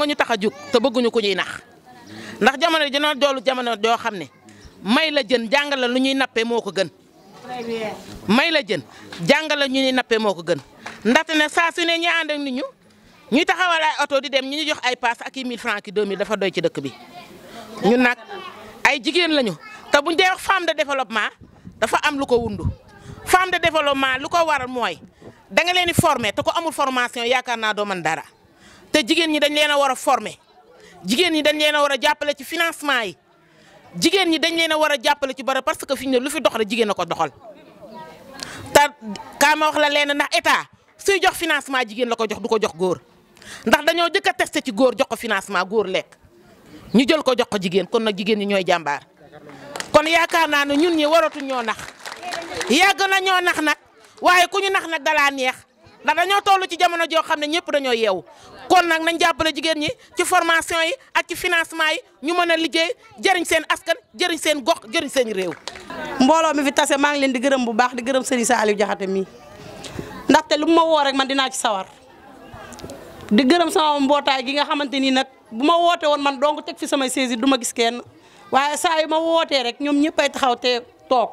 nga ñu tax a jug te bëgguñu ku ñuy nax ndax jamono ji doolu jamono joo xam ne may la jën jàngale lu ñuy nappee moo ko gën. may la jën jàngale ñu ñuy nappee moo ko gën ndaxte ne saa su ne ñi ànd ak ñu ñuy taxawal ay oto di dem ñu ñu jox ay paas aki i 1000 francs ki 2000 dafa doy ci dëkk bi. ñun nag ay jigéen lañu te buñ dee wax de développement dafa am lu ko wundu femme de développement lu ko waral mooy danga leen di former te ko amul formation yaakaar naa doo mën dara. te jigéen ñi dañ leen a war a former jigéen ñi dañ leen a war a jàppale ci financement yi jigéen ñi dañ leen a war a jàppale ci bara parce que fi ñu ne lu fi dox rek jigéen ko doxal te kaa wax la leen ndax état suy jox financement jigéen la ko jox du ko jox góor ndax dañoo jëkk a testé ci góor jox ko financement góor lekk ñu jël ko jox ko jigéen kon nag jigéen ñi ñooy jàmbaar kon yaakaar naa ne ñun ñi waratuñ ñoo nax yàgg na ñoo nax nag waaye ku ñu nax nag dalaa neex. ndax dañoo toll ci jamono joo xam ne ñëpp dañoo yeewu kon nag nañ jàppale jigéen ñi ci formation yi ak ci financement yi ñu mën a liggéey jëriñ seen askan jëriñ seen gox jëriñ seen réew. mbooloo mi fi tase maa ngi leen di gërëm bu baax di gërëm sa Saliou Diakhaté mii ndaxte lu ma woo rek man dinaa ci sawar di gërëm sama mbootaay gi nga xamante ni nag bu ma woote woon man dong teg fi samay saisi du ma gis kenn waaye saa yu ma wootee rek ñoom ñëppay taxaw te toog.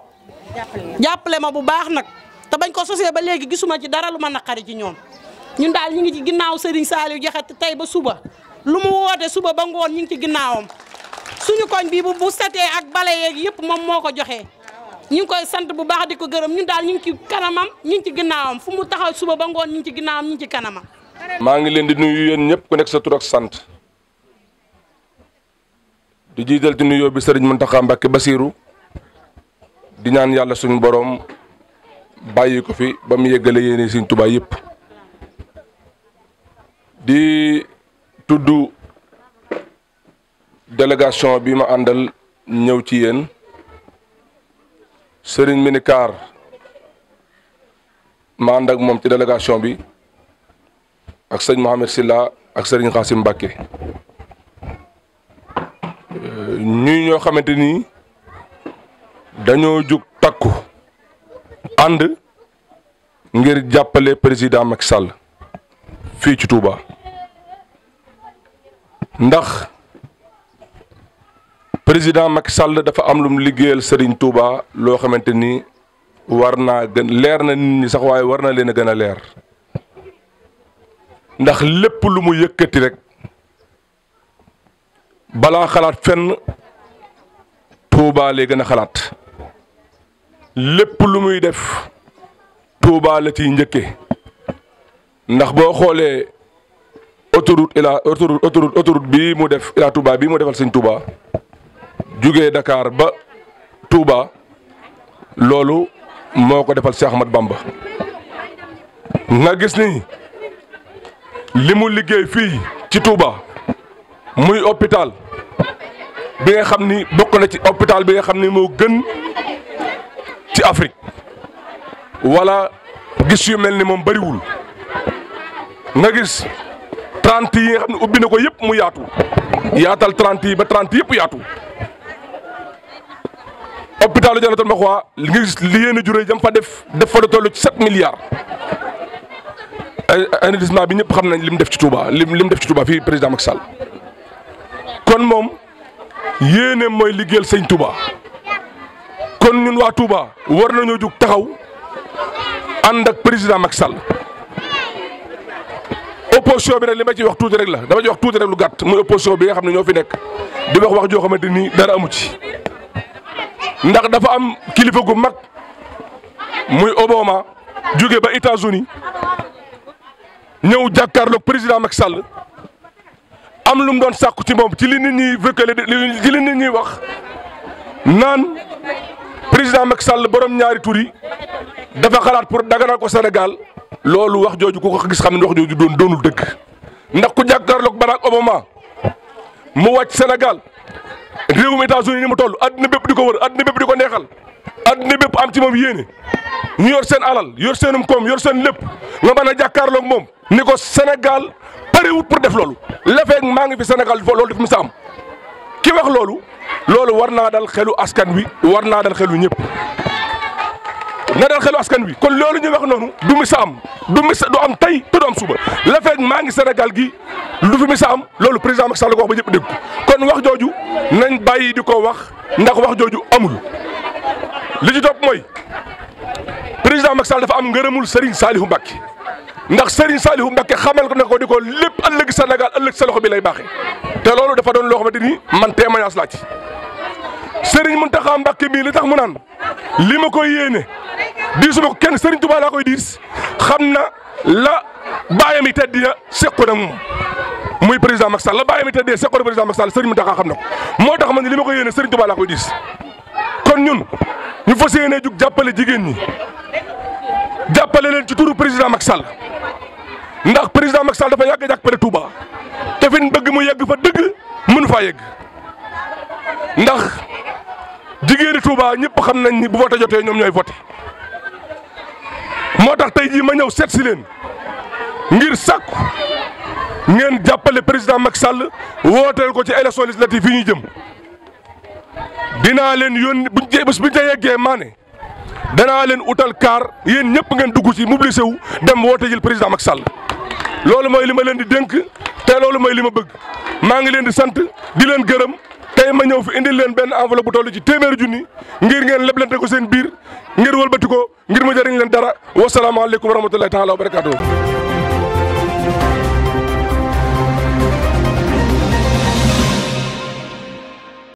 jàppale ma bu baax nag. te bañ ko sosee ba léegi gisuma ci dara lu ma naqari ci ñoom ñun daal ñu ngi ci ginnaaw Serigne Saliou Diakhaté tey ba suba lu mu woote suba ba ngoon ñu ngi ci ginnaawam suñu koñ bii bu bu setee ak bale yeeg yëpp moom moo ko joxe ñu ngi koy sant bu baax di ko gërëm ñun daal ñu ngi ci kanamam ñu ngi ci ginnaawam fu mu taxaw suba ba ngoon ñu ngi ci ginnaawam ñu ci kanamam. maa ngi leen di nuyu yéen ñëpp ku nekk sa tur ak sant di jiital ci nuyoo bi Serigne Mountakha Mbacké Bassirou di ñaan yàlla suñu borom. bàyyi ko fi ba mu yeggalee yéene Sëriñ Tuubaa yëpp di tudd délégation bi ma àndal ñëw ci yéen sëriñ Minikaar ma ànd moom ci délégation bi ak sëñ Mohamed Silla ak sëriñ Xaasim Mbàkke ñuy ñoo xamante ni dañoo jóg takku ànd ngir jàppale président Macky Sall fii ci Touba ndax président Macky Sall dafa am lu mu liggéeyal Serigne Touba loo xamante ni war naa gën leer na nit ñi sax waaye war na leen a gën a leer ndax lépp lu mu yëkkati rek balaa xalaat fenn Touba lay gën a xalaat. lépp lu muy def Touba la ci njëkke ndax boo xoolee autoroute ila autoroute autoroute autoroute bii mu def ila Touba bii mu defal sëñ Touba jugee Dakar ba tuuba loolu moo ko defal Cheikh Ahmad Bamba nga gis ni li mu liggéey fii ci tuuba muy hôpital bi nga xam ni bokk na ci hôpital bi nga xam ni moo gën ci Afrique wala gis yu mel ni moom bariwul nga gis trente yi nga xam ne ubbi na ko yëpp mu yaatu yaatal trente yi ba trente yëpp yaatu. hôpitalu Jannatul Maxwa li nga gis li yéen a juree jam fa def def fa lu toll ci sept milliards. arrondissement bi ñëpp xam nañ lim def ci Touba lim lim def ci Touba fii président Macky kon moom yéene mooy liggéeyal sëñ Touba. kon ñun waa Touba war nañoo jóg taxaw ànd ak président Macky Sall opposition bi nag li ma ci wax tuuti rek la dama ci wax tuuti rek lu gàtt muy opposition bi nga xam ne ñoo fi nekk di wax wax joo xamante ni dara amu ci ndax dafa am kilifa gu mag muy Obama jóge ba États-Unis ñëw jàkkaarloog président Macky Sall am lu mu doon sàkku ci moom ci li nit ñi vëkkale ci li nit ñi wax naan. président Macky sàll boroom ñaari tur yi dafa xalaat pour daganal ko Sénégal loolu wax jooju ko ko gis xam ne wax jooju doon doonul dëkk ndax ku jàkkaarloog Barack Obama mu wàcc Sénégal réewum États-Unis ni mu toll adduna bépp di ko wër adduna bépp di ko neexal adduna bépp am ci moom yéene ñu yor seen alal yor seenum koom yor seen lépp nga mën a jàkkaarloog moom ni ko Sénégal parewut pour def loolu la feeg maa ngi fi Sénégal loolu def mu sa am ki wax loolu loolu war naa dal xelu askan wi war naa dal xelu ñëpp na dal xelu askan wi kon loolu ñu wax noonu du mi sa am du mi sa du am tey te du am suba la fekk maa ngi Sénégal gi lu fi mi sa am loolu président Macky Sall ko wax ba ñëpp dégg kon wax jooju nañ bàyyi di ko wax ndax wax jooju amul li ci topp mooy président Macky Sall dafa am ngërëmul Serigne Saliou Mbacké ndax Serigne Saliou Mbacké xamal na ko ni ko lépp ëllëg Sénégal ëllëg sa loxo bi lay baaxee te loolu dafa doon loo xamante ni man témoignage laa ci Serigne Mountakha Mbacké mii li tax mu naan li ma koy yéene diisuma ko kenn Serigne Touba laa koy diis xam na la bàyyam yi tedd ya sequ na moom muy président Macky la bàyyam yi teddee sequ na président Macky Sall Serigne Mountakha xam na ko moo tax man li ma koy yéene Serigne Touba laa koy diis kon ñun ñu fas yéenee jug jàppale jigéen ñi. jàppale leen ci turu président Macky Sall ndax président Macky Sall dafa yàgg a jàppale Touba te fi bëgg mu yegg fa dëgg mënu faa yegg ndax jigéeni Touba ñëpp xam nañ ni bu vote jotee ñoom ñooy vote moo tax tey jii ma ñëw seet si leen ngir sàkku ngeen jàppale président Macky Sall wooteel ko ci élection législative yi ñu jëm dinaa leen yónni buñ cee bés buñ ca yeggee maa ne dana leen utal kaar yéen ñëpp ngeen dugg ci mobilisé wu dem woote jël président Macky Sall loolu mooy li ma leen di dénk te loolu mooy li ma bëgg maa ngi leen di sant di leen gërëm tey ma ñëw fi indil leen benn enveloppe bu toll ci téeméeri junni ngir ngeen leblante ko seen biir ngir wëlbati ko ngir ma jëriñ leen dara wasalaamaaleykum wa rahmatulahi taala wa barakaatu.